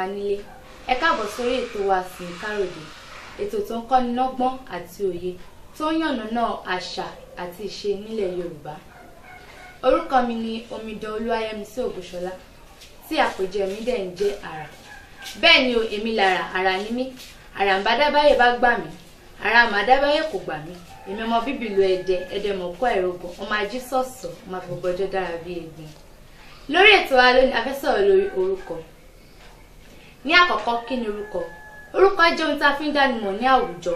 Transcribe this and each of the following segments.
wa nílé ẹ káàbọ̀ sórí ètò wa sí káròdé ètò tó ń kọ́ni lọ́gbọ́n àti òye tó ń yànnàná àṣà àti ìṣe nílẹ̀ Yorùbá orúkọ mi ni omidan Olúwayẹmisí Ògúnṣọlá tí àpèjẹ mi dẹ̀ ń jẹ́ àrà bẹ́ẹ̀ ni o èmi lára àrà ni mí àrà ń bá dábáyé bá gbà mí àrà mà dábáyé kò gbà mí èmi ọmọ bíbí ìlú Ẹdẹ Ẹdẹ mọ̀ kọ́ ẹ̀rọ̀gùn ọmọ ají sọ̀sọ̀ ọmọ àfọ̀gbọ́jọ́ dára bíi egbin lórí ètò wa lónìí a fẹ́ lórí orúkọ ní àkọ́kọ́ kí ni orúkọ orúkọ jẹ́ ohun tá a fi ń dánimọ̀ ní àwùjọ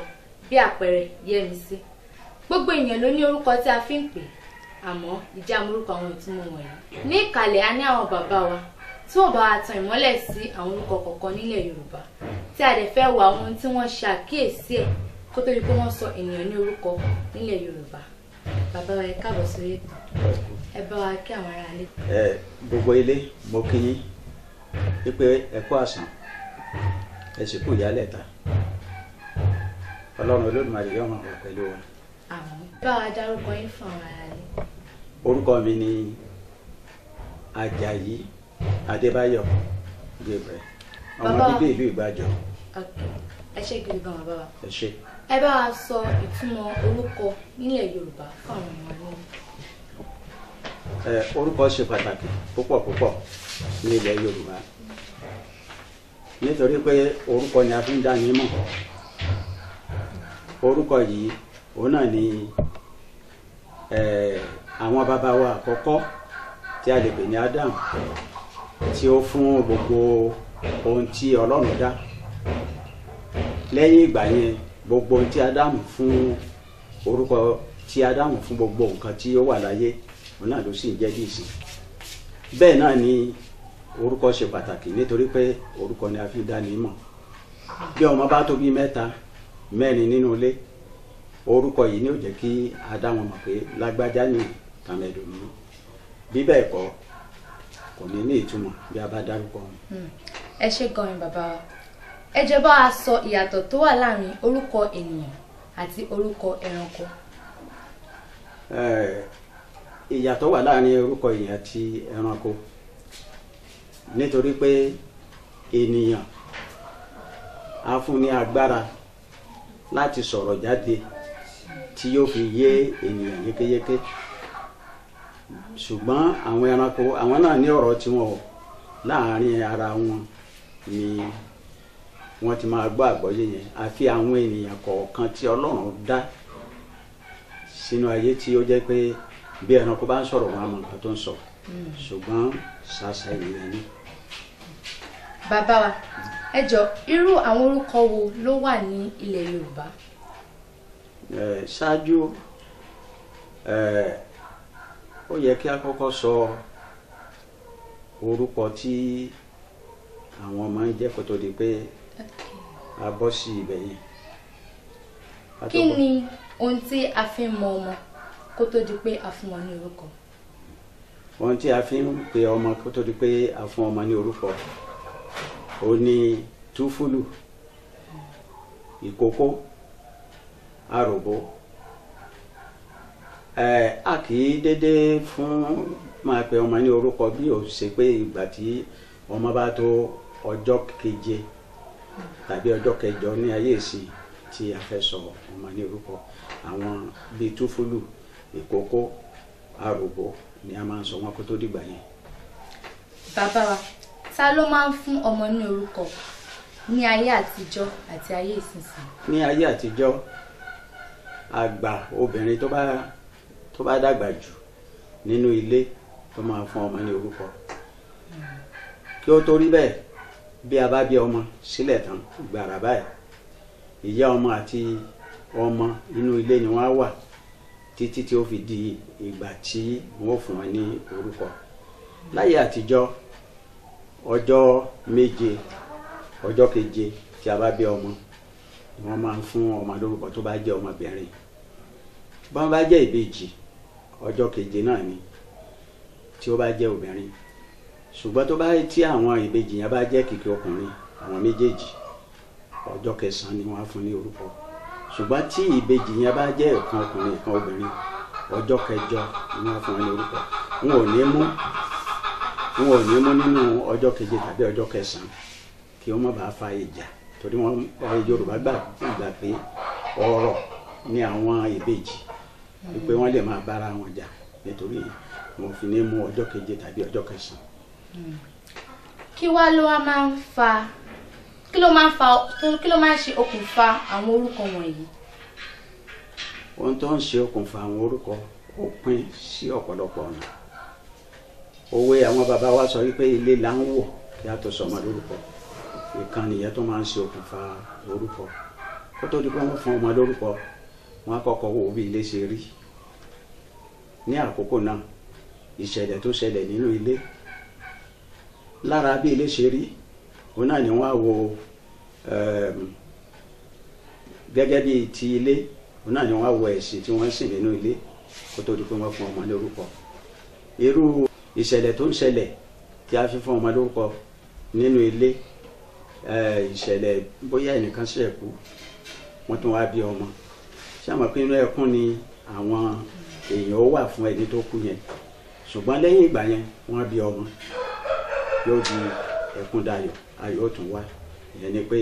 bí àpẹẹrẹ Yẹ́misí gbogbo èèyàn ló ní orúkọ tí a fi ń pè àmọ́ ìjà morúkọ àwọn ìtumọ̀ wọ̀nyí. ní ìkàlẹ̀ a ní àwọn bàbá wa tí wọ́n bá wa tan ìmọ́lẹ̀ sí àwọn orúkọ kọ̀ọ̀kan nílẹ̀ Yorùbá tí a dẹ̀ fẹ́ wo àwọn ohun tí wọ́n ṣe àkíyèsí ẹ̀ kó tó di pé wọ́n sọ ènìyàn ní orúkọ nílẹ̀ Yorùbá bàbá wa ẹ káàbọ̀ sórí ètò ẹ bá wa kí àwọn ará ilé. ẹ gbogbo ilé mo kí yín wípé ẹ̀kọ́ àsán ẹ̀sìnkú ìyálẹ̀ ta ọlọ́run olódùmarè yóò máa wà pẹ̀lú wọn. bá a dárúkọ yín fún àwọn aráàlú. orúkọ mi ni Àjàyí Adébáyọ̀ Gabriel ọmọ bíbí ìlú Ìgbàjọ. ẹ ṣé gidi gan bàbá wa. ẹ ṣé. ẹ bá a sọ ìtumọ̀ orúkọ nílẹ̀ Yorùbá fún àwọn ọmọ ẹ̀wọ̀n. orúkọ ṣe pàtàkì púpọ̀ púpọ̀. nílẹ̀ Yorùbá nítorí pé orúkọ ni a fi ń dá yín mọ̀ orúkọ yìí òun náà ni àwọn bàbá wa àkọ́kọ́ tí a lè pè ní Adam tí ó fún gbogbo ohun tí Ọlọ́run dá lẹ́yìn ìgbà yẹn gbogbo ohun tí Adam fún orúkọ tí Adam fún gbogbo nǹkan tí ó wà láyé òun náà ló sì ń jẹ́ bí ìsìn. bẹ́ẹ̀ náà ni orúkọ ṣe pàtàkì nítorí pé orúkọ ni a fi dá ní mọ̀ bí ọmọ bá tó bí mẹ́ta mẹ́rin nínú ilé orúkọ yìí ni ó jẹ́ kí a dá wọn mọ̀ pé lágbájá ni tàmẹ̀dò ni bí bẹ́ẹ̀ kọ́ kò ní ní ìtumọ̀ bí a bá dárúkọ wọn. Hmm. ẹ ṣe gan-an bàbá wa ẹ jẹ́ bá a sọ ìyàtọ̀ tó wà láàrin orúkọ ènìyàn àti orúkọ ẹranko. ìyàtọ̀ wà láàrin orúkọ èèyàn àti ẹranko nítorí pé ènìyàn á fún ní agbára láti sọ̀rọ̀ jáde tí yóò fi yé ènìyàn yékéyéké ṣùgbọ́n àwọn ẹranko àwọn náà ní ọ̀rọ̀ tiwọn o láàrin ara wọn ni wọ́n ti máa gbọ́ àgbọ́yé yẹn àfi àwọn ènìyàn kọ̀ọ̀kan tí Ọlọ́run dá sínú ayé tí ó jẹ́ pé bí ẹranko bá ń sọ̀rọ̀ wọn àmọ́ nǹkan tó ń sọ ṣùgbọ́n ṣàṣà ènìyàn ni. bàbá wa ẹ jọ irú àwọn orúkọ wo ló wà ní ilẹ̀ yorùbá. ṣáájú ó yẹ kí a kọ́kọ́ sọ orúkọ tí àwọn máa ń jẹ́ kó tó di pé a bọ́ sí ibẹ̀ yẹn. kí ni ohun tí a fi ń mọ ọmọ kó tó di pé a fún wọn ní orúkọ. ohun tí a fi ń pe ọmọ kó tó di pé a fún ọmọ ní orúkọ ó ní túfúlù ìkókó àròbó ẹ a kì í dédé fún máa pe ọmọ ní orúkọ bí ó ṣe pé ìgbà tí ọmọ bá tó ọjọ́ keje tàbí ọjọ́ kẹjọ ní ayé ìsìn tí a fẹ́ sọ ọmọ ní orúkọ àwọn bíi túfúlù ìkókó àròbó ni a máa ń sọ wọn kó tó dìgbà yẹn. bàbá wa ta ló máa ń fún ọmọ ní orúkọ ní ayé àtijọ́ àti ayé ìsinsìnyí. ní ayé àtijọ́ àgbà obìnrin tó bá tó bá dàgbà jù nínú ilé tó máa fún ọmọ ní orúkọ kí ó torí bẹ́ẹ̀ bí a bá bí ọmọ sílẹ̀ tán gbàrà báyìí ìyá ọmọ àti ọmọ inú ilé ni wọ́n á wà títí tí ó fi di ìgbà tí wọ́n fún wọn ní orúkọ láyé àtijọ́ ọjọ́ méje ọjọ́ keje tí a bá bí ọmọ ni wọ́n máa ń fún ọmọ lórúkọ tó bá jẹ́ ọmọbìnrin bí wọ́n bá jẹ́ ìbejì ọjọ́ keje náà ni tí ó bá jẹ́ obìnrin ṣùgbọ́n tó bá tí àwọn ìbejì yẹn bá jẹ́ kìkì ọkùnrin àwọn méjèèjì ọjọ́ kẹsàn-án ni wọ́n á fún ní orúkọ ṣùgbọ́n tí ìbejì yẹn bá jẹ́ ìkan ọkùnrin ìkan obìnrin ọjọ́ kẹjọ ni wọ́n fún wọn ní orúkọ n ò ní mú n ò ní mú nínú ọjọ́ keje tàbí ọjọ́ kẹsàn-án kí wọ́n má bàa fa ìjà torí Yorùbá pé ọ̀rọ̀ ni àwọn ìbejì wípé wọ́n lè máa bára wọn jà nítorí wọn fi ní mú ọjọ́ keje kí ló máa ń fa kí ló máa ń ṣe okùnfà àwọn orúkọ wọ̀nyí. ohun tó ń ṣe okùnfà àwọn orúkọ ó pín sí ọ̀pọ̀lọpọ̀ ọ̀nà òwe àwọn bàbá wa sọ wípé ilé là ń wọ̀ kí a tó sọmọ lórúkọ ìkan nìyẹn tó máa ń ṣe okùnfà orúkọ kó tó di pé wọ́n fún ọmọ lórúkọ wọ́n á kọ́kọ́ wo bí ilé ṣe rí ní àkókò náà ìṣẹ̀lẹ̀ tó ṣẹlẹ̀ nínú ilé lára bí ilé ṣe rí òun náà ni wọ́n wo ehm, gẹ́gẹ́ bíi ti ilé òun náà ni wọ́n wo ẹ̀sìn tí wọ́n sìn nínú ilé kó tó di pé wọ́n fún ọmọ lórúkọ irú ìṣẹ̀lẹ̀ tó ń ṣẹlẹ̀ tí a fi fún ọmọ lórúkọ nínú ilé eh, ìṣẹ̀lẹ̀ bóyá ẹnìkan ṣe kú wọ́n tún wá bí ọmọ ṣé àmọ́ pé inú ẹkún ni àwọn èèyàn wà fún ẹni tó kú yẹn ṣùgbọ́n lẹ́yìn ìgbà yẹn wọ́n bí ọmọ yóò di ẹkún dayọ̀ ayọ̀ tún wá ìyẹn ni pé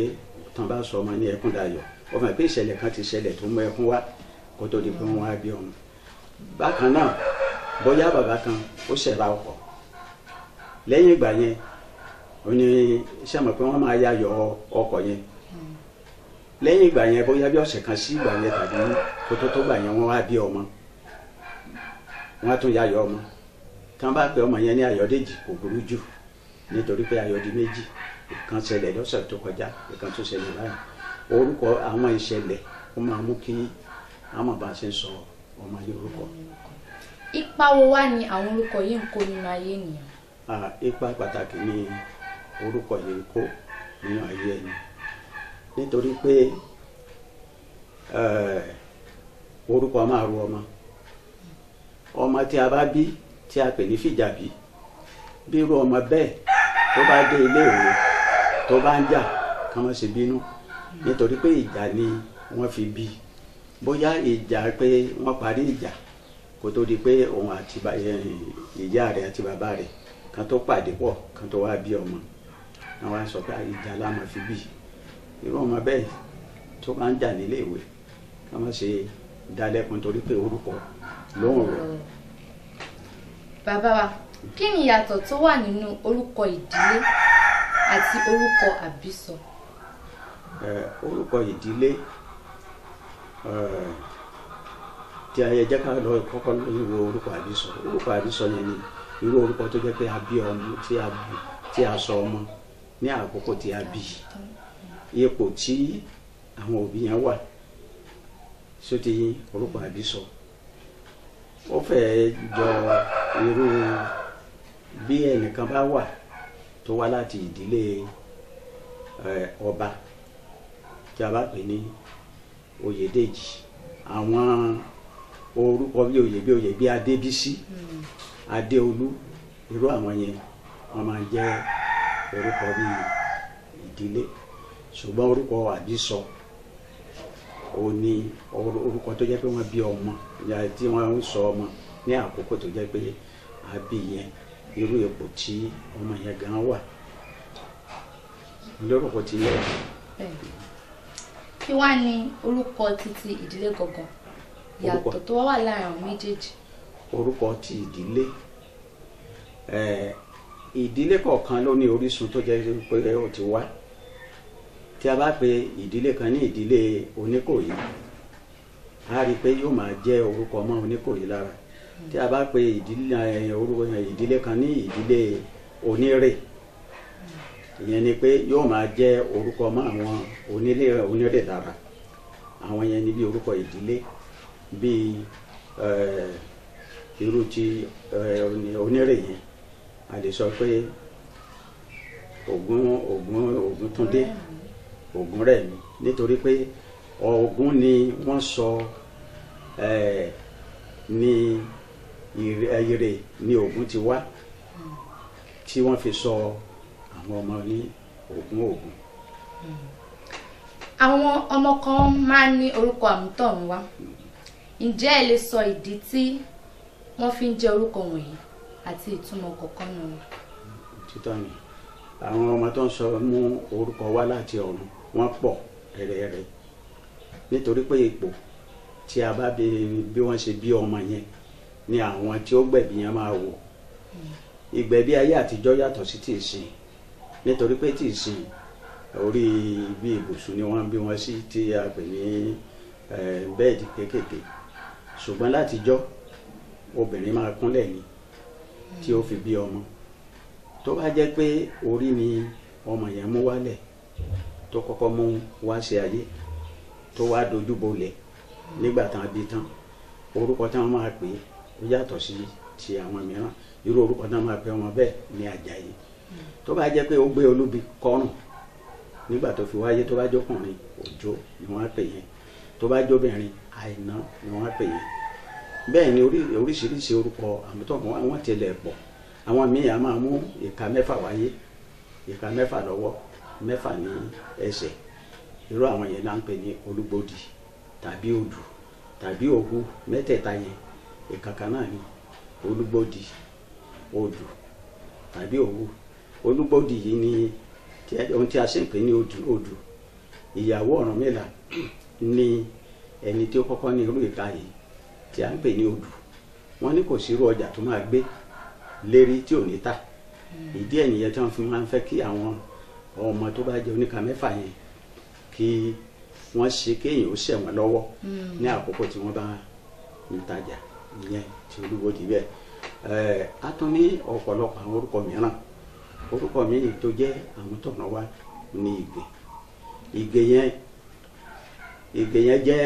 tán bá sọ ọmọ ní ẹkún dayọ̀ ó fẹ́ pé ìṣẹ̀lẹ̀ kan ti ṣẹlẹ̀ tó mú ẹkún wá kó tó di pé wọ́n á bí ọmọ bákan náà bóyá bàbá kan ó ṣẹ̀ra ọkọ̀ lẹ́yìn ìgbà yẹn ó ní iṣẹ́ mọ̀ pé wọ́n máa yayọ̀ ọkọ̀ yẹn lẹ́yìn ìgbà yẹn bóyá bí ọ̀sẹ̀ kan sí ìgbà yẹn tàbí kó tó tó gbà yẹn wọ́n á bí ọmọ wọ́n á tún yayọ̀ ọmọ tí bá pe ọmọ yẹn ní Ayọ̀dèjì kò burú jù nítorí pé Ayọ̀dí méjì ìkan ṣẹlẹ̀ lọ́sẹ̀ tó kọjá ìkan tó orúkọ àwọn ìṣẹ̀lẹ̀ ó máa mú kí àmọ̀ bá ṣe ń sọ ọmọ yìí orúkọ. ipa wo wá ni àwọn orúkọ yìí ń kó nínú ayé ènìyàn. ipa pàtàkì ni orúkọ yìí ń kó nínú ayé nítorí pé eh, orúkọ máa ru ọmọ ọmọ tí a bá bí tí a pè ní bí irú ọmọ bẹ́ẹ̀ tó bá dé ilé ìwé. tó bá ń jà ká má ṣe bínú nítorí pé ìjà ni wọ́n fi bí bóyá ìjà pé wọ́n parí ìjà kó tó di pé òun àti ìyá rẹ̀ àti bàbá rẹ̀ kan tó pàdé pọ̀ kan tó wá bí ọmọ náà wá sọ pé ìjà la máa fi bí irú ọmọ bẹ́ẹ̀ tó bá ń jà nílé ìwé ká má ṣe dalẹ́kun torí pé orúkọ lóhùn rẹ̀. bàbá wa kí ni ìyàtọ̀ tó wà nínú orúkọ ìdílé àti orúkọ àbísọ. orúkọ ìdílé tí ayé jẹ́ ká lọ kọ́kọ́ lóyún orúkọ àbísọ orúkọ àbísọ yẹn ni irú orúkọ tó jẹ́ pé a bí ọmọ tí a bí tí a sọ ọmọ ní àkókò tí a bí ipò tí àwọn òbí yẹn wà sóti orúkọ àbísọ ó fẹ́ jọ irú bí ẹnìkan bá wà tó wá láti ìdílé ọba tí a bá pè ní oyèdèjì àwọn orúkọ bí oyè bí oyè bí adébísí hmm. adéolú irú àwọn yẹn wọn máa jẹ orúkọ bí ìdílé ṣùgbọ́n orúkọ àbísọ ó ní orúkọ tó jẹ́ pé wọ́n bí ọmọ tí wọ́n ń sọ ọmọ ní àkókò tó jẹ́ pé a yẹn irú ipò tí ọmọ yẹn gan wà lórúkọ ti lẹ. kí wàá ní orúkọ títí ìdílé gangan ìyàtọ̀ tó wà láàrin àwọn méjèèjì. orúkọ ti ìdílé ìdílé kọ̀ọ̀kan ló ní orísun tó jẹ́ pé ó ti wá tí a bá pe ìdílé kan ní ìdílé oníkòyí a rí i pé yóò máa jẹ́ orúkọ ọmọ oníkòyí lára tí a bá pe ìdílé eh, orúkọ ìdílé kan ní ìdílé onírè ìyẹn ni pé yóò máa jẹ orúkọ mọ́ àwọn onílé onírè lára àwọn yẹn ni bí orúkọ ìdílé bíi eh, irú ti eh, onírè yẹn a lè sọ pé Ògún Ògún Ògúntúndé Ògúnrẹ̀mí nítorí pé Ògún ni wọ́n sọ ẹ̀ ire ni Ògún ti wá tí wọ́n fi sọ àwọn ọmọ ní Ògún Ògún. àwọn ọmọ kan máa ń ní orúkọ àmútọ̀runwá ǹjẹ́ ẹ lè sọ ìdí tí wọ́n fi ń jẹ́ orúkọ wọ̀nyí àti ìtumọ̀ kọ̀ọ̀kan nù. títọ́ ni àwọn ọmọ tó ń sọ mú orúkọ wá láti ọ̀run wọ́n pọ̀ rẹ̀rẹ̀rẹ̀ nítorí pé ipò tí a bá bí wọ́n ṣe bí ọmọ yẹn ni àwọn tí ó gbẹ̀bí yẹn máa wò ìgbẹ̀bí ayé àtijọ́ yàtọ̀ sí ti ìsìn nítorí pé ti ìsìn orí ibi ìbùsùn ni wọ́n bí wọ́n sí tí a pè ní bẹ́ẹ̀dì kéékèèké ṣùgbọ́n látijọ́ obìnrin máa kúnlẹ̀ ni tí ó fi bí ọmọ tó bá jẹ́ pé orí ni ọmọ yẹn mú wálẹ̀ tó kọ́kọ́ mú wá sí ayé tó wá dojú bolẹ̀ nígbà tán bí tán orúkọ táwọn máa pè é ó yàtọ̀ sí ti àwọn mìíràn irú orúkọ náà máa pe ọmọ bẹ́ẹ̀ ní Àjàyí tó bá jẹ́ pé ó gbé olúbi kọ́rùn nígbà tó fi wáyé tó bá jọkùnrin Òjó ni wọ́n á pè yẹn tó bá jóbìnrin Àìná ni wọ́n á pè yẹn bẹ́ẹ̀ ni oríṣiríṣi orúkọ àmútọ́kùn wọn tilẹ̀ pọ̀ àwọn míì a máa mú ìka mẹ́fà wáyé ìka mẹ́fà lọ́wọ́ mẹ́fà ní ẹsẹ̀ irú àwọn yẹn là ń pè ní olúgbòdì tàbí odù tàbí ògù mẹ́tẹ̀ẹ̀ta yẹn ìkàkà náà ni olúgbòdì odù tàbí òwú olúgbòdì yìí ni ohun tí a sì ń pè ní odù ìyàwó ọ̀ràn Ọ̀rúnmìlà ni ẹni tí ó kọ́kọ́ ní irú ìka yìí tí a ń pè ní odù wọ́n ní kò ọjà tó máa gbé lérí tí ò ní ta hmm. ìdí fi máa ń fẹ́ kí ọmọ tó bá jẹ oníka mẹ́fà yẹn wọ́n ṣe kéèyàn ó lọ́wọ́ hmm. ní àkókò tí wọ́n bá ìyẹn ti olúbodè bẹ́ẹ̀ ẹ̀ á tún ní ọ̀pọ̀lọpọ̀ àwọn orúkọ mìíràn orúkọ mìíràn tó jẹ́ àwọn tọ̀nà wa ní ìgbè ìgbè yẹn ìgbè yẹn jẹ́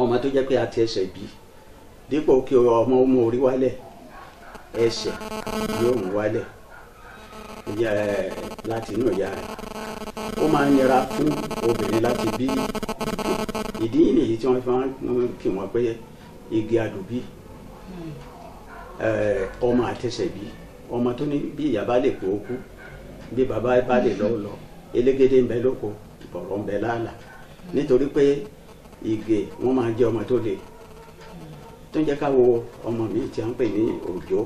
ọmọ tó jẹ́ pé a ti ẹsẹ̀ bí dípò kí ọmọ ọmọ orí wálẹ̀ ẹsẹ̀ yóò mú wálẹ̀ láti inú ìyá rẹ̀ ó máa ń nira fún obìnrin láti bí ìdí nìyí tí wọ́n fi máa ń kí wọ́n pé igi àdùbí eh, ọmọ àtẹsẹ̀bí ọmọ tó ní bí ìyá bá lè kó kú bí bá lè lọ lọ elégédé ń bẹ lóko ìbọ̀rọ̀ ń bẹ láàlà nítorí pé ìgè máa ọmọ tó le tó ń ọmọ mi tí a ń pè ní òjò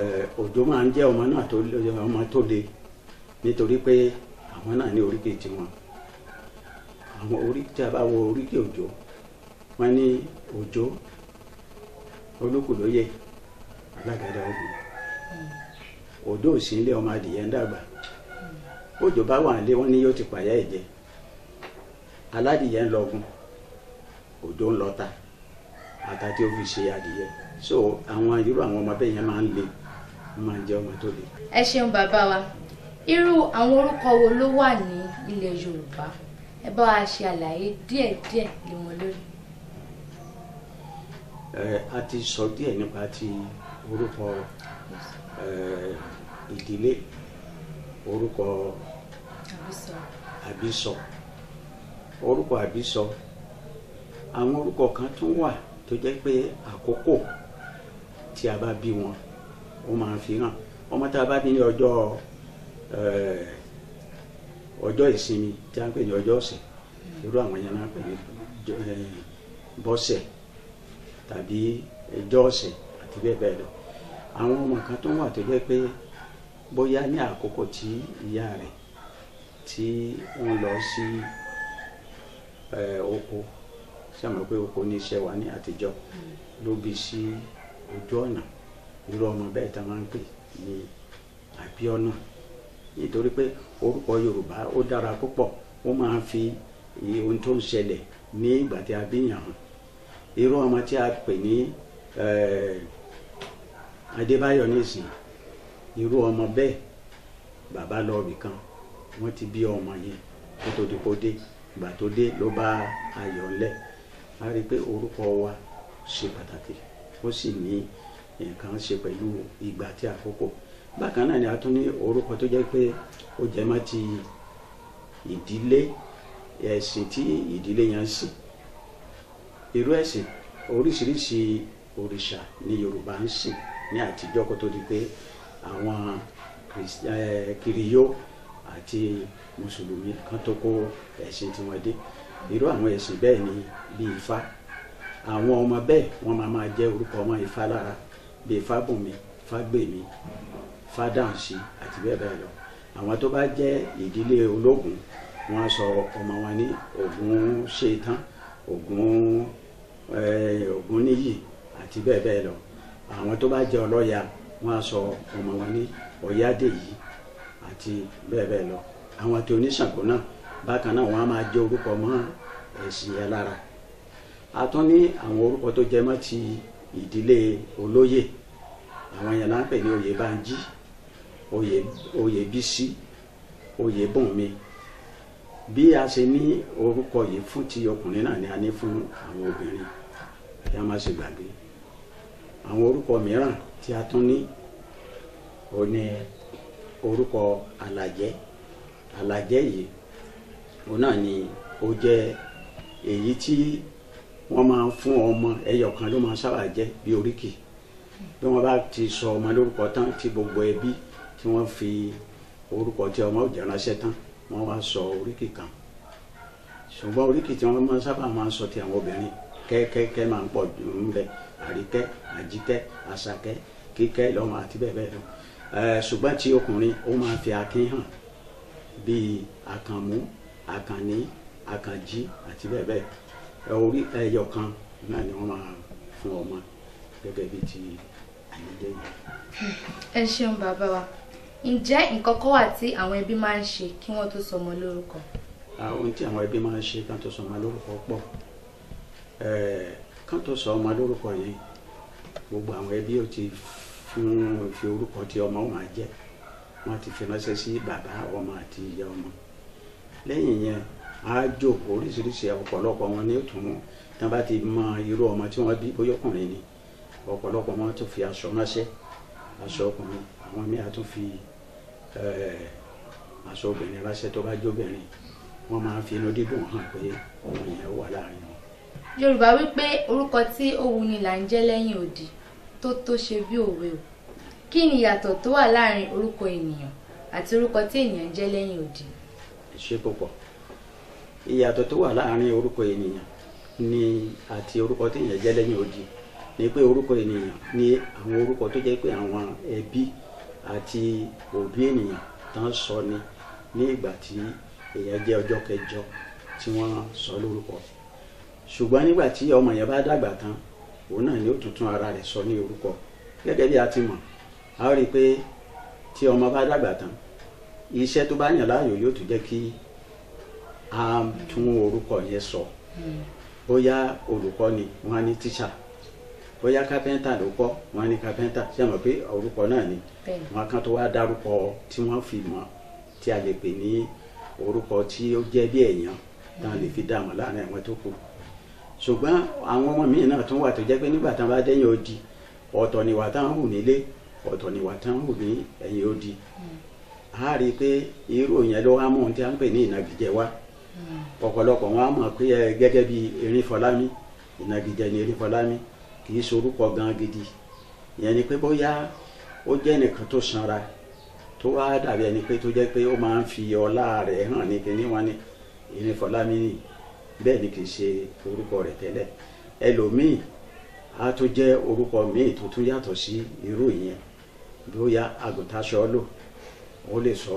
eh, òjò máa ń ọmọ náà tó ọmọ tó le nítorí pé àwọn náà ní wọ́n ní òjò olókùlóyè alágàdá ọ̀gbìn òdó òsì ilé ọmọ adìyẹ ń dàgbà òjò bá wà nílé wọn ní yóò ti pààyà ẹ̀jẹ̀ aládìyẹ ń lọgun òjò ń lọta ata ó fi ṣe adìyẹ so àwọn irú àwọn ọmọ bẹ́ẹ̀ máa ń le máa ń jẹ ọmọ tó le. ẹ ṣeun bàbá wa irú àwọn orúkọ wo ló wà ní ilẹ̀ Yorùbá ẹ bá wa ṣe àlàyé díẹ̀díẹ̀ lé wọn lórí. Eh, a ti sọ díẹ̀ nípa ti orúkọ eh, ìdílé orúkọ àbísọ orúkọ àbísọ àwọn orúkọ kan tún wà tó jẹ́ pé àkókò a bá bí wọn ó máa fi ọmọ tá a bá bí ní ọjọ́ eh, ọjọ́ ìsinmi tí a ń pè ní ọjọ́ ọ̀sẹ̀ irú àwọn yẹn náà pè ní bọ́sẹ̀ tàbí ẹjọ́ ọ̀sẹ̀ àti bẹ́ẹ̀ bẹ́ẹ̀ lọ àwọn ọmọ kan tó wà tó jẹ́ pé bóyá ní àkókò tí ìyá rẹ̀ tí wọ́n lọ sí oko sàmì pé oko ní iṣẹ́ wa ní àtijọ́ ló bí sí ojú ọ̀nà irú ọmọ bẹ́ẹ̀ tá máa ń pè ní àbíọ́nà nítorí pé orúkọ Yorùbá ó dára púpọ̀ ó máa ń fi ohun tó ń ṣẹlẹ̀ ní ìgbà tí a bí yàn hàn irú ọmọ tí a pè ní eh, Adébáyọ̀ nísìn irú ọmọ bẹ́ẹ̀ bàbá lọ bìkan wọ́n ti bí ọmọ yẹn kó tó di kó dé ìgbà tó dé ló bá ayọ̀ lẹ̀ a rí i pé orúkọ wa ṣe pàtàkì ó sì ní nǹkan ṣe pẹ̀lú ìgbà tí àkókò bákan náà ni a tún ní orúkọ tó jẹ́ pé ó jẹ́ mọ́ ti ìdílé ẹ̀sìn tí ìdílé yẹn sìn irú ẹ̀sìn oríṣiríṣi òrìṣà ni Yorùbá ń sìn ní àtijọ́ kó tó di pé àwọn kiriyó àti mùsùlùmí kan tó kó ẹ̀sìn tiwọn dé irú àwọn ẹ̀sìn bẹ́ẹ̀ ni bíi ifá àwọn ọmọ bẹ́ẹ̀ wọ́n máa máa jẹ́ orúkọ ọmọ ifá lára bíi fábùnmi fágbèmí fádàǹsì àti bẹ́ẹ̀ bẹ́ẹ̀ lọ àwọn tó bá jẹ́ ìdílé ológun wọ́n sọ ọmọ wọn ní ògún ṣetán ògún Eh, Ògúnníyì àti bẹ́ẹ̀ bẹ́ẹ̀ lọ àwọn tó bá jẹ́ ọlọ́ya wọ́n á sọ ọmọ wọn ní Ọ̀yádèyí àti bẹ́ẹ̀ bẹ́ẹ̀ lọ àwọn tí oníṣàngó náà bákan náà wọ́n á máa jẹ́ orúkọ mọ́ ẹ̀sìn yẹn lára a tún ní àwọn orúkọ tó jẹ mọ́ ti ìdílé olóyè àwọn yẹn là ń pè ní Oyèbánjí Oyèbísí Oyèbùnmi bí a ṣe ní orúkọ yìí fún ti ọkùnrin náà ni a ní fún àwọn obìnrin ẹ̀já má ṣe gbàgbé àwọn orúkọ mìíràn tí a tún ní ó ní orúkọ alàjẹ́ alàjẹ́ yìí òun náà ni ó jẹ́ èyí tí wọ́n máa ń fún ọmọ ẹyọ kan ló máa ń sábà jẹ́ bí oríkì bí wọ́n bá ti sọ ọmọ lórúkọ tán tí gbogbo ẹbí tí wọ́n fi orúkọ tí ọmọ òjò ránṣẹ́ tán wọ́n wá sọ oríkì kan ṣùgbọ́n oríkì tí wọ́n máa ń sábà máa ń sọ ti àwọn obìnrin kẹ́kẹ́kẹ́ máa ń pọ̀ jù ńlẹ̀ àríkẹ́ àjíkẹ́ àṣàkẹ́ kíkẹ́ ìlọ́mọ àti bẹ́ẹ̀ bẹ́ẹ̀ lọ ṣùgbọ́n tí ọkùnrin ó máa fi akin hàn bíi àkànmú àkànní àkànjí àti bẹ́ẹ̀ bẹ́ẹ̀ orí ẹyọ kan náà ni wọ́n máa fún ọmọ gẹ́gẹ́ bíi ti àyíjẹ́ yìí. ẹ ṣeun bàbá wa ǹjẹ́ nǹkan kan wà tí àwọn ẹbí máa ń ṣe kí wọ́n tó sọmọ lórúkọ. ohun tí àwọn ẹbí máa ń ṣe kí wọ́n tó sọmọ lórúkọ pọ̀ Eh, Kanto tó sọ ọmọ lórúkọ yẹn gbogbo àwọn ẹbí ó ti fi orúkọ tí ọmọ ó máa jẹ́ ti fi ránṣẹ́ sí bàbá ọmọ àti ìyá ọmọ lẹyìn yẹn á jókòó oríṣiríṣi ọ̀pọ̀lọpọ̀ wọn ní òtún wọn bá ti mọ irú ọmọ tí wọ́n bí bóyá ọkùnrin ni wọn fi aṣọ aṣọ ọkùnrin àwọn míì á tún fi eh, yorùbá wípé orúkọ tí ó wuni là ń jẹ́ lẹ́yìn odi tó tó ṣe bí òwe o kí ni ìyàtọ̀ tó wà láàrin orúkọ ènìyàn àti orúkọ tí ènìyàn ń jẹ́ lẹ́yìn odi. ṣe púpọ̀ ìyàtọ̀ tó wà láàrin orúkọ ènìyàn ni àti orúkọ tí ènìyàn jẹ́ lẹ́yìn odi ni pé orúkọ ènìyàn ni àwọn orúkọ tó jẹ́ pé àwọn ẹbí àti òbí ènìyàn tán sọ ni ní ìgbà tí èèyàn jẹ́ ọjọ́ kẹjọ tí wọ́n sọ lórúkọ ṣùgbọ́n nígbà tí ọmọ yẹn bá dàgbà tán òun náà ni ó tuntun ara rẹ̀ sọ ní orúkọ gẹ́gẹ́ bí a ti mọ̀ a ó rí i pé tí ọmọ bá dàgbà tán iṣẹ́ tó bá yàn láàyò yóò tún jẹ́ kí a tún orúkọ yẹn sọ bóyá olùkọ́ ni wọ́n á ní tíṣà bóyá kápẹ́ńtà ló kọ́ wọ́n á ní kápẹ́ńtà ṣé mọ̀ pé orúkọ náà ni wọ́n á kàn tó wá dárúkọ tí wọ́n fi mọ̀ tí a lè pè ní orúkọ tí ó jẹ́ bí ẹ̀yàn tá a lè fi dá láàrin àwọn tó kù. ṣùgbọ́n àwọn ọmọ mi náà tún wà tó jẹ́ pé nígbà tán bá dẹ́yìn odi ọ̀tọ̀ nìwà táwọn hù nílé ọ̀tọ̀ nìwà hù ní ẹ̀yìn odi hmm. a rí i pé irú yẹn ló wá mú ohun tí a ń pè ní ìnagijẹ wá hmm. ọ̀pọ̀lọpọ̀ wọn á mọ̀ ni erin fọlámi kì í gan gidi ìyẹn ni pé bóyá ó jẹ́ nìkan tó sanra tó wá dàbí ẹni pé tó jẹ́ pé ó máa ń fi ọlá rẹ̀ bẹ́ẹ̀ ni kì í ṣe orúkọ rẹ̀ tẹ́lẹ̀ ẹlòmíì á tún jẹ́ orúkọ míì tó tún yàtọ̀ sí irú ìyẹn bóyá àgùntàṣọ́lò ó lè sọ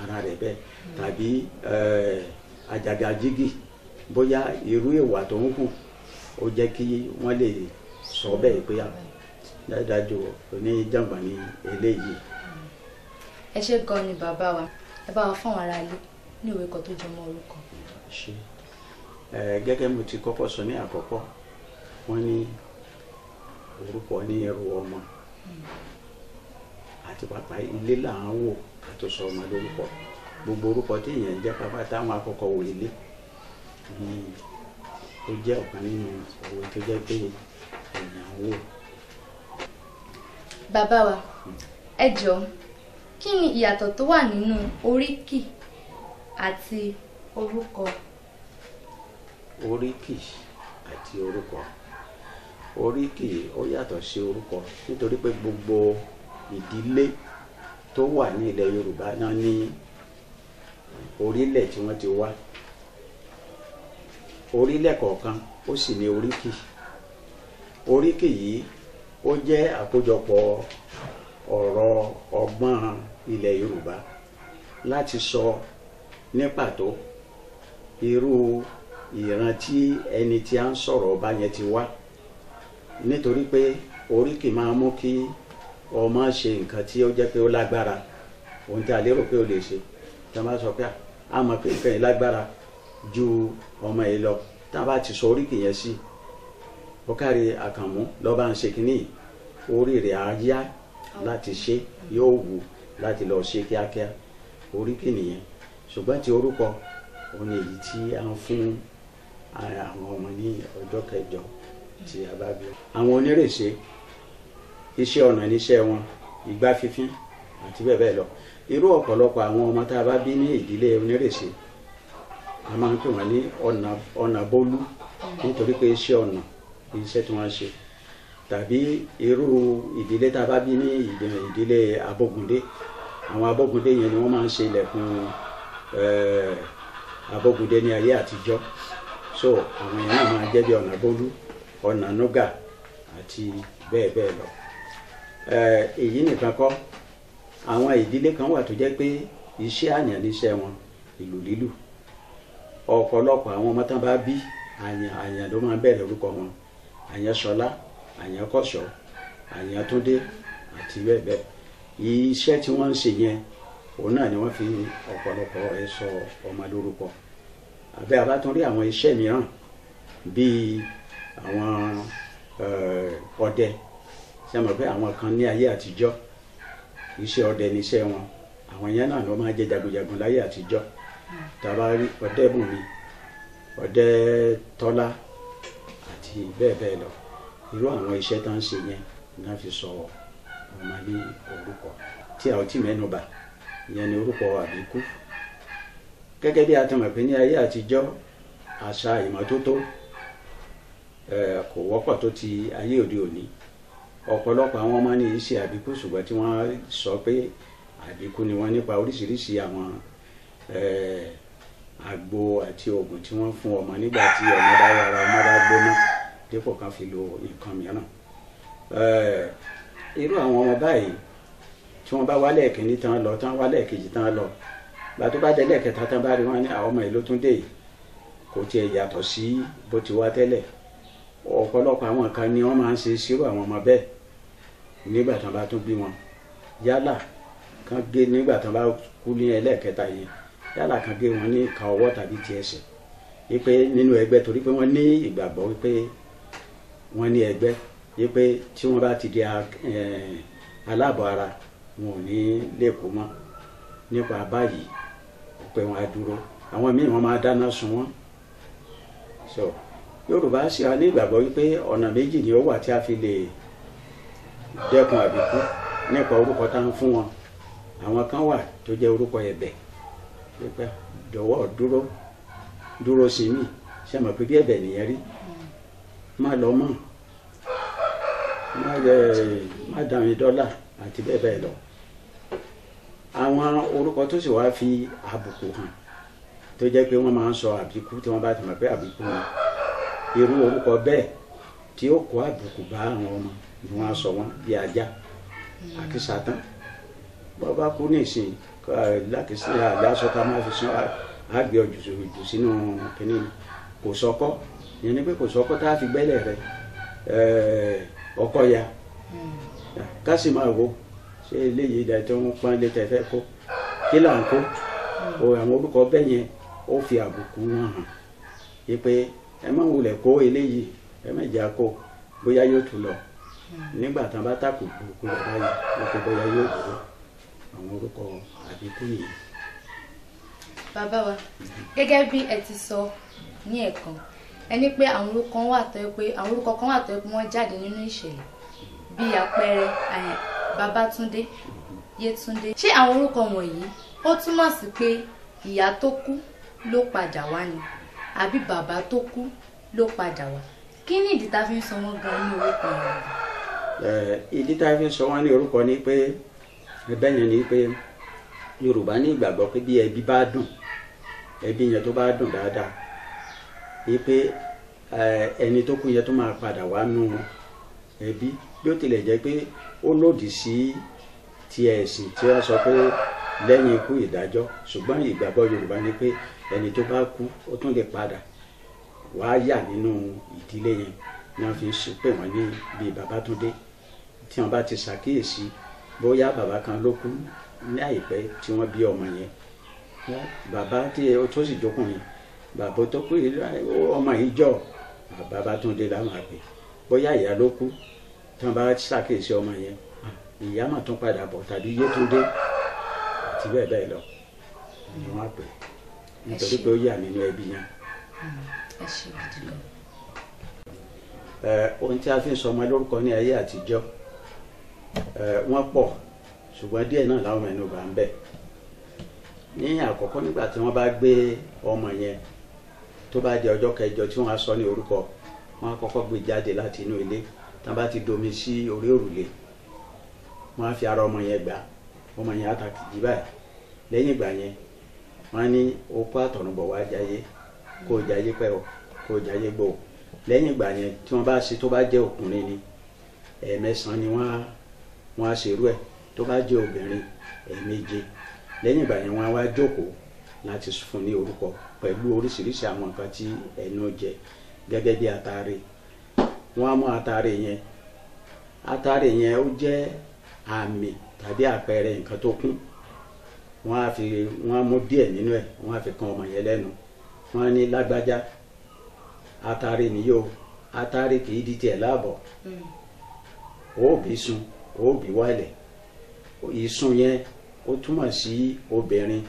ara rẹ̀ bẹ́ẹ̀ tàbí eh, àjàgàjigì bóyá irú ìwà tó ń hù ó jẹ́ kí wọ́n lè sọ bẹ́ẹ̀ pé ah, dájú oníjàǹbá ni eléyìí. ẹ ṣe gan ni bàbá wa ẹ bá wa fún àwọn aráalé ní ìwé kan tó jẹ mọ́ orúkọ. ṣe gẹ́gẹ́ mo ti kọ́kọ́ sọ ní àkọ́kọ́ wọ́n ní orúkọ ní ẹrù ọmọ àti pàpà ilé là ń wò ká tó sọ ọmọ lórúkọ gbogbo orúkọ tí èèyàn jẹ́ pápá táwọn akọ́kọ́ wò ilé ni ó jẹ́ ọ̀kan nínú òwe tó jẹ́ pé èèyàn wò. bàbá wa hmm. ẹ jọ̀ọ́ kí ni ìyàtọ̀ tó wà nínú oríkì àti orúkọ oríkì àti orúkọ oríkì ó yàtọ̀ sí orúkọ nítorí pé gbogbo ìdílé tó wà ní ilẹ̀ Yorùbá náà ní orílẹ̀ tí wọ́n ti wá orílẹ̀ kọ̀ọ̀kan ó sì ní oríkì oríkì yìí ó jẹ́ àkójọpọ̀ ọ̀rọ̀ ọgbọ́n ilẹ̀ Yorùbá láti sọ ní pàtó irú ìran tí ẹni tí a ń sọ̀rọ̀ ọba yẹn ti wá nítorí pé oríkì máa mú kí ọmọ ṣe nǹkan tí ó jẹ́ pé ó lágbára ohun tí a lérò pé ó lè ṣe tí a bá sọ pé a mọ̀ pé nǹkan yìí lágbára ju ọmọ yìí lọ tá a bá ti sọ oríkì yẹn sí bọ́kárì àkànmú lọ́ba ń ṣe kínní orí rẹ̀ á yá láti ṣe yóò wù láti lọ ṣe kíákíá oríkì nìyẹn ṣùgbọ́n ti orúkọ òun ni èyí tí a ń fún àwọn ọmọ ní ọjọ́ kẹjọ tí a bá bí. àwọn onírèsé iṣẹ́ ọnà níṣẹ́ wọn ìgbà fífín àti bẹ́ẹ̀ bẹ́ẹ̀ lọ irú ọ̀pọ̀lọpọ̀ àwọn ọmọ tá a bá bí ní ìdílé onírèsé a máa ń pè wọ́n ní ọ̀nà bólú nítorí pé iṣẹ́ ọnà iṣẹ́ tí wọ́n ṣe tàbí irú ìdílé tá a bá bí ní ìdílé abógundé àwọn abógundé yẹn ni wọ́n máa ń ṣe ilẹ̀kùn abógundé ní ayé àtijọ́ so àwọn yẹn náà máa jẹ́ bí ọ̀nà bólú ọ̀nà nógà àti bẹ́ẹ̀ bẹ́ẹ̀ lọ èyí nìkan kọ́ àwọn ìdílé kan wà tó jẹ́ pé iṣẹ́ àyàn níṣẹ́ wọn ìlù lílù ọ̀pọ̀lọpọ̀ àwọn ọmọ tán bá bí àyàn àyàn ló máa bẹ̀rẹ̀ orúkọ wọn àyàn ṣọlá àyàn kọ̀ṣọ́ àyàn túndé àti bẹ́ẹ̀ bẹ́ẹ̀ iṣẹ́ tí wọ́n ń ṣe yẹn òun náà ni wọ́n fi ọ̀pọ̀lọpọ̀ ẹ̀ sọ ọmọ lórúkọ àbẹ́ abátún rí àwọn iṣẹ́ mìíràn bíi àwọn ọdẹ ṣe mọ̀ pé àwọn kan ní ayé àtijọ́ iṣẹ́ ọdẹ níṣẹ́ wọn àwọn yẹn náà ló máa jẹ́ jagunjagun láyé àtijọ́ tàbá rí ọdẹ bùnmi ọdẹ tọ́lá àti bẹ́ẹ̀ bẹ́ẹ̀ lọ irú àwọn iṣẹ́ tá ń ṣe yẹn ní a fi sọ ọmọ ní orúkọ tí a ò tí mẹ́nu bà ìyẹn ni orúkọ àbíkú gẹ́gẹ́ bí a ti mọ̀ pé ní ayé àtijọ́ àṣà ìmọ́tótó kò wọ́pọ̀ tó ti ayé òde òní ọ̀pọ̀lọpọ̀ àwọn ọmọ ní ìṣe àbíkú ṣùgbọ́n tí wọ́n sọ pé àbíkú ni wọ́n nípa oríṣiríṣi àwọn àgbo àti oògùn tí wọ́n fún ọmọ nígbà tí ọmọ bá yára ọmọ bá gbóná dípò kan fi lo nǹkan mìíràn irú àwọn ọmọ báyìí tí wọ́n bá wálẹ̀ kìíní tán lọ tán wálẹ̀ kejì tán lọ gbà tó bá délẹ̀ kẹta tán bá rí wọn ní àwọn ọmọ ìlú tún dé yìí kò tiẹ̀ yàtọ̀ sí bó ti wá tẹ́lẹ̀ ọ̀pọ̀lọpọ̀ àwọn kan ni wọ́n máa ń ṣe sírò àwọn ọmọ bẹ́ẹ̀ nígbà tán bá tún bí wọn yálà kan gé nígbà tán bá kú ní ẹlẹ́ẹ̀kẹta yìí yálà kan gé wọn ní ìka ọwọ́ tàbí ti ẹsẹ̀ wípé nínú ẹgbẹ́ torí pé wọ́n ní ìgbàgbọ́ wípé wọ́n ní ẹgbẹ́ wípé tí wọ́n bá ti di eh, aláàbọ̀ ara wọn ò ní lè kó mọ́ nípa báyìí pẹ́ wọn á dúró àwọn míì wọ́n máa dáná sun wọ́n so Yorùbá ṣe wa ní ìgbàgbọ́ wípé ọ̀nà méjì ni ó wà tí a fi lè dẹ́kun àbíkú nípa orúkọ tá ń fún wọn àwọn kan wà tó jẹ́ orúkọ ẹ̀bẹ̀ pípẹ dọ̀wọ́ dúró dúró sí mi ṣe mọ̀ pé bí ẹ̀bẹ̀ nìyẹn rí má lọ mọ́ má dàmí dọ́là àti bẹ́ẹ̀ bẹ́ẹ̀ lọ àwọn orúkọ tó sì wáá fi àbùkù hàn tó jẹ́ pé wọ́n máa ń sọ àbíkú tí wọ́n bá ti mọ̀ pé àbíkú ni irú orúkọ bẹ́ẹ̀ tí ó kó àbùkù bá àwọn ọmọ ni wọ́n á sọ wọ́n bí ajá àkísàtán bọ́ bá kú ní ìsìn lákìsí àdásọ ká máa fi sán àgbẹ̀ òjò sínú kínní kò sọkọ́ ìyẹn ni pé kò sọkọ́ tá a fi gbẹ́lẹ̀ rẹ̀ ọkọ ya hmm. ká sì máa wo ṣé eléyìí ìdájọ́ wọn pọ́n lé tẹ̀fẹ́ kó kí là ń kó àwọn orúkọ bẹ́ẹ̀ yẹn ó fi àbùkù wọn hàn yí pé ẹ má wulẹ̀ kó eléyìí ẹ má jà kó bóyá yóò tún lọ nígbà tán bá tàkù burúkú lọ báyìí wọn kò bóyá yóò dúró àwọn orúkọ àbíkú nìyẹn. bàbá wa gẹ́gẹ́ bí ẹ ti sọ ní ẹ̀kan ẹ ní pé àwọn orúkọ kan wà tó yẹ pé àwọn orúkọ kan wà tó yẹ pé wọ́n jáde nínú ìṣẹ̀lẹ̀ bíi àpẹẹrẹ Babátúndé Yétúndé ṣé àwọn orúkọ wọ̀nyí ó túmọ̀ sí pé ìyá tó kú ló padà wá ni àbí bàbá tó kú ló padà wá kí ni ìdí tá a fi ń sọ wọ́n gan ní orúkọ yẹn. ìdí tá a fi ń sọ wọ́n ní orúkọ ni pé ẹbẹ yẹn ni pé Yorùbá ní ìgbàgbọ́ pé bí ẹbí bá dùn ẹbí yẹn tó bá dùn dáadáa ni pé ẹni tó kú yẹn tó máa padà wá nù ẹbí bí ó tilẹ̀ jẹ́ pé ó lòdì sí ti ẹ̀sìn tí wọ́n sọ pé lẹ́yìn ikú ìdájọ́ ṣùgbọ́n ìgbàgbọ́ Yorùbá ni pé ẹni tó bá kú ó tún lè padà wàá yà nínú ìdílé yẹn ni wọ́n fi ṣe pé wọ́n ní bíi Babátúndé tí wọ́n bá ti ṣàkíyèsí bóyá bàbá kan ló kú ní àìpẹ́ tí wọ́n bí ọmọ yẹn bàbá tí tó sì jókòó yẹn bàbá tó kú ọmọ yìí jọ Babátúndé làwọn àgbẹ̀ bóyá ìyá ló kú tán bá ṣàkíyèsí ọmọ yẹn ìyá mà tún padà bọ̀ tàbí yé tó dé àti bẹ́ẹ̀ bẹ́ẹ̀ lọ ni wọ́n á pè nítorí pé ó yà nínú ẹbí yẹn. ohun tí a fi ń sọ ọmọ lórúkọ ní ayé àtijọ́ wọ́n pọ̀ ṣùgbọ́n díẹ̀ náà làwọn mẹ́nu bá ń bẹ̀ ní àkọ́kọ́ nígbà tí wọ́n bá gbé ọmọ yẹn tó bá di ọjọ́ kẹjọ tí wọ́n á sọ ní orúkọ wọ́n á kọ́kọ́ gbé jáde láti inú ilé tí wọ́n bá ti domi sí orí òrùlé wọ́n á fi ara ọmọ yẹn gbà ọmọ yẹn á ta kìjì báyìí lẹ́yìn ìgbà yẹn wọ́n á ní okó àtọ̀rùnbọ̀ wá jayé kó o jayé pẹ́ o kó o jayé gbọ́ o lẹ́yìn ìgbà yẹn tí wọ́n bá ṣe tó bá jẹ́ ọkùnrin ni ẹ̀ẹ̀mẹsàn-án ni wọ́n á wọ́n á ṣerú ẹ̀ tó bá jẹ́ obìnrin ẹ̀ẹ̀méje lẹ́yìn ìgbà yẹn wọ́n á wá jókòó láti fún ní orúkọ pẹ̀lú oríṣiríṣi àwọn nǹkan tí ẹnu jẹ gẹ́gẹ́ bí atari wọ́n á mú atare yẹn atare yẹn ó jẹ́ àmì tàbí àpẹẹrẹ nǹkan tó kún wọ́n á fi wọ́n á mú díẹ̀ nínú ẹ̀ wọ́n á fi kan ọmọ yẹn lẹ́nu wọ́n á ní lágbájá atare nìyí o atari kì í di tiẹ̀ láàbọ̀ òbí hmm. sun òbí wálẹ̀ ìsun yẹn ó túmọ̀ sí obìnrin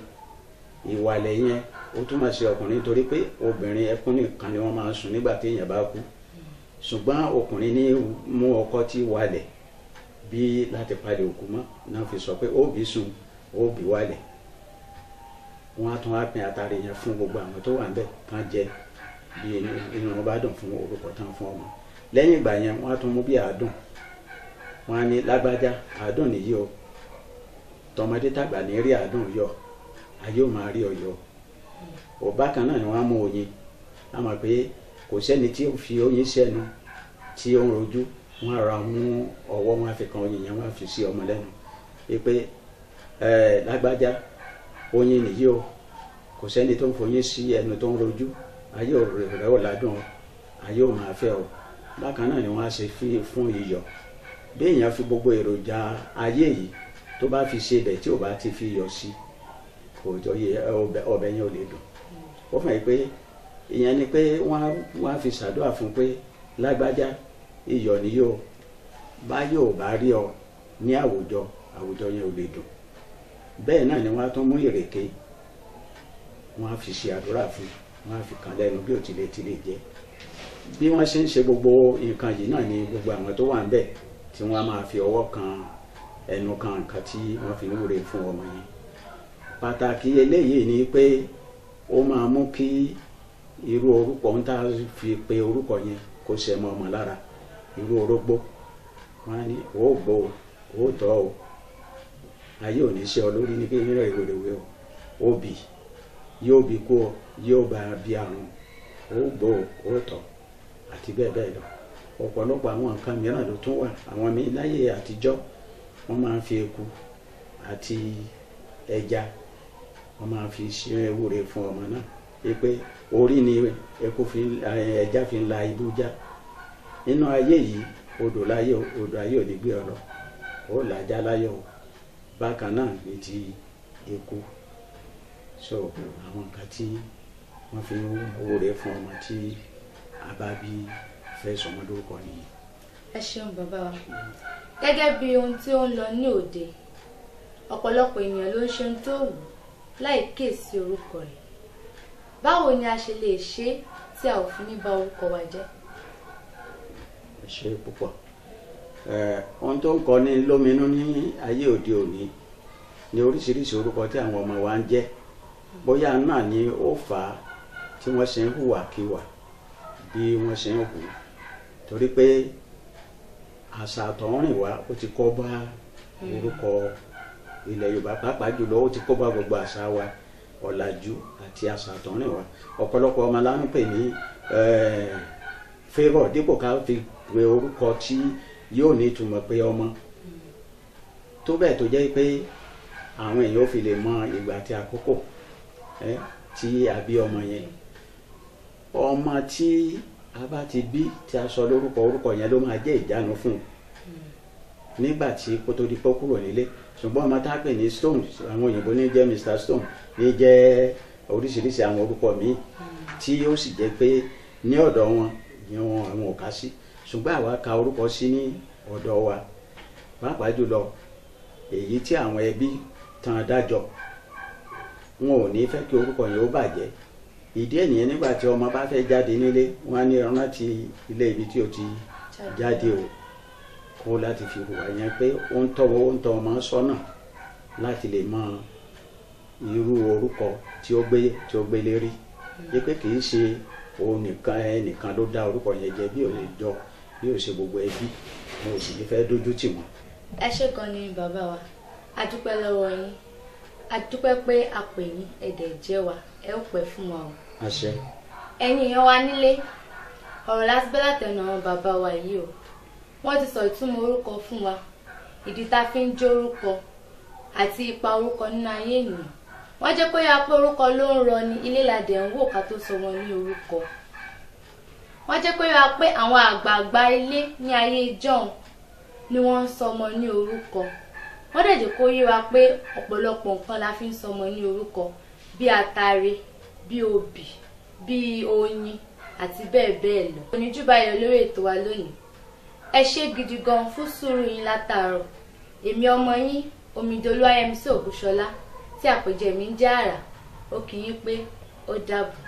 ó túmọ̀ sí ọkùnrin torí pé obìnrin ẹkún nìkan ni wọ́n máa ń sun nígbà tí èèyàn bá kú ṣùgbọ́n ọkùnrin ní mú ọkọ tí wálẹ̀ bí láti palẹ̀ òkú mọ́ náà fi sọ pé òbí sun òbí wálẹ̀ wọ́n á tún á pin àtàrí yẹn fún gbogbo àwọn tó wà ń bẹ̀ kán fún orúkọ tán fún ọmọ lẹ́yìn ìgbà yẹn wọ́n á tún mú bí àádùn wọ́n á o tọmọdé tàgbà ní rí àádùn yọ ayé ò máa ọba kan náà ni wọ́n á mú oyin a mọ̀ pé kò sẹ́ni tí ó fi oyin sẹ́nu tí ó ń rojú wọ́n á ra mú ọwọ́ wọn á fi kan oyin yẹn wọ́n á fi sí ọmọ lẹ́nu pé lágbájá oyin nìyí o kò sẹ́ni tó ń foyín sí ẹnu tó ń rojú ayé rẹ̀ ò ládùn o ayé ò máa fẹ́ o bákan náà ni wọ́n á ṣe fún iyọ̀ bí èèyàn fi gbogbo èròjà ayé yìí tó bá fi ṣe ibẹ̀ tí ò bá ti fi iyọ̀ sí i kò jọ yé ọbẹ̀ yẹn ò lè dùn ó fà yí pé ìyẹn ni pé wọ́n á fi ṣàdúrà fún pé lágbájá iyọ̀ ni yóò bá yóò bá rí ọ ní àwùjọ àwùjọ yẹn ò lè dùn bẹ́ẹ̀ náà ni wọ́n á tún mú ìrèké wọ́n á fi ṣe àdúrà fún wọ́n á fi kàn lẹ́nu bí ò tilẹ̀ tilẹ̀ jẹ́ bí wọ́n ṣe ń ṣe gbogbo nǹkan yìí náà ni gbogbo àwọn tó wà ń bẹ̀ tí wọ́n á máa fi ọwọ́ kan ẹnu kan nǹkan tí wọ́n fi ń wúre fún ọmọ yẹn pàtàkì eléyìí ni pé ó máa mú kí irú orúkọ ń tá a fi pe orúkọ yẹn kó ṣe mọ́ ọmọ lára irú orógbó wọn ní ó ọ ó o ayé ò ní ṣe ọ lórí ní kí nílẹ̀ o bí kú ọ yóò bá a bí àrùn ó bò ó tọ́ àti bẹ́ẹ̀ bẹ́ẹ̀ lọ ọ̀pọ̀lọpọ̀ àwọn nǹkan mìíràn ló tún wà àwọn mi láyé ẹja wọ́n máa fi ṣe ewúre fún ọmọ náà pé orí ni ẹkú fi ẹja fi ń la ibú já nínú ayé yìí odò láyé odò ayé ò gbé ọ ó làjá láyé o bákan náà ní ti ikú so àwọn nǹkan tí wọ́n fi ń wúre fún ọmọ tí a bá bí fẹ́ sọmọ lórúkọ nìyí. ẹ ṣeun bàbá wa gẹ́gẹ́ bí ohun tí ó ń lọ ní òde ọ̀pọ̀lọpọ̀ ènìyàn ló ń ṣe ohun tó wù ú láì kíyèsí orúkọ rẹ̀ báwo ni a ṣe lè ṣe tí a ò fi ní bà orúkọ wa jẹ́. ẹ ṣe púpọ̀ ohun tó ń kọ ní lóminú ní ayé òde òní ni oríṣiríṣi orúkọ tí àwọn ọmọ wa ń jẹ́ bóyá náà ni ó fà á tí wọ́n ṣe ń hùwàkiwà bí wọ́n ṣe ń hù torí pé àṣà àtọ̀húnrìnwá ó ti kọ́ bá orúkọ. Mm -hmm ilẹ̀ yorùbá pàápàá jùlọ ó ti kó bá gbogbo àṣà wa ọ̀làjú àti àṣà àtọ̀rìn wa ọ̀pọ̀lọpọ̀ ọmọ la ń pè ní favour dípò ká fi pe orúkọ tí yóò ní ìtumọ̀ pé ọmọ tó bẹ́ẹ̀ tó jẹ́ pé àwọn èèyàn ò fi lè mọ ìgbà àti àkókò tí a bí ọmọ yẹn ọmọ tí a bá ti bí tí a sọ lórúkọ orúkọ yẹn ló máa jẹ́ ìjánu fún un nígbà tí kó tó di pọ́ kúrò nílé ṣùgbọ́n ọmọ tá a pè ní stone àwọn òyìnbó ní jẹ́ mr stone ní jẹ́ oríṣiríṣi àwọn orúkọ míì tí ó sì jẹ́ pé ní ọ̀dọ̀ wọn ìyẹn wọn àwọn ò ká sí ṣùgbọ́n àwa ka orúkọ sí ní ọ̀dọ̀ wa pàápàá jùlọ èyí tí àwọn ẹbí tan dájọ wọn ò ní fẹ́ kí orúkọ yẹn ó bàjẹ́ ìdí ènìyàn nígbà tí ọmọ bá fẹ́ jáde nílé wọn á ní rántí ilé ibi tí o ti jáde o ó láti fi hùwà yẹn pé ó ń tọ́wọ́ ó ń tọ́ ọmọ sọ́nà láti lè mọ irú orúkọ tí ó gbé tí ó gbé lérí yẹ pé kì í ṣe òun nìkan ẹnìkan ló dá orúkọ yẹn jẹ bí ò lè jọ bí ò ṣe gbogbo ẹbí mo sì ní fẹ́ dójú tì wọ́n. ẹ ṣe kan ni bàbá wa a dúpẹ́ lọ́wọ́ yín a dúpẹ́ pé a pè yín ẹ̀dẹ̀ jẹ́ wa ẹ ó pẹ́ fún wa o. àṣẹ. ẹ̀yin èèyàn wa nílé ọ̀rọ̀ láti bẹ́ látẹnu bàbá wa yìí o wọ́n ti sọ ìtumọ̀ orúkọ fún wa ìdí tá a fi ń jẹ́ orúkọ àti ipa orúkọ nínú ayé ènìyàn wọ́n jẹ́ kó yá orúkọ ló ń rọ ni ilé ládẹ̀ ń wò ká tó sọ wọn ní orúkọ wọ́n jẹ́ kó yá pé àwọn àgbààgbà ilé ní ayé ìjọ́un ni wọ́n ń sọmọ ní orúkọ wọ́n dẹ̀ jẹ́ kó yé wa pé ọ̀pọ̀lọpọ̀ nǹkan la fi ń sọmọ ní orúkọ bíi atare bíi obì bíi oyin àti bẹ́ẹ̀ bẹ́ẹ̀ lọ. oníjú báyọ̀ lórí ètò wa lónìí ẹ ṣe gidi gan fún sùúrù yín látàárọ̀ èmi ọmọ yín omidolú ayẹmísí ògúnṣọlá tí àpèjẹ mi ń jẹ́ àrà ó kì í pé ó dàbọ̀.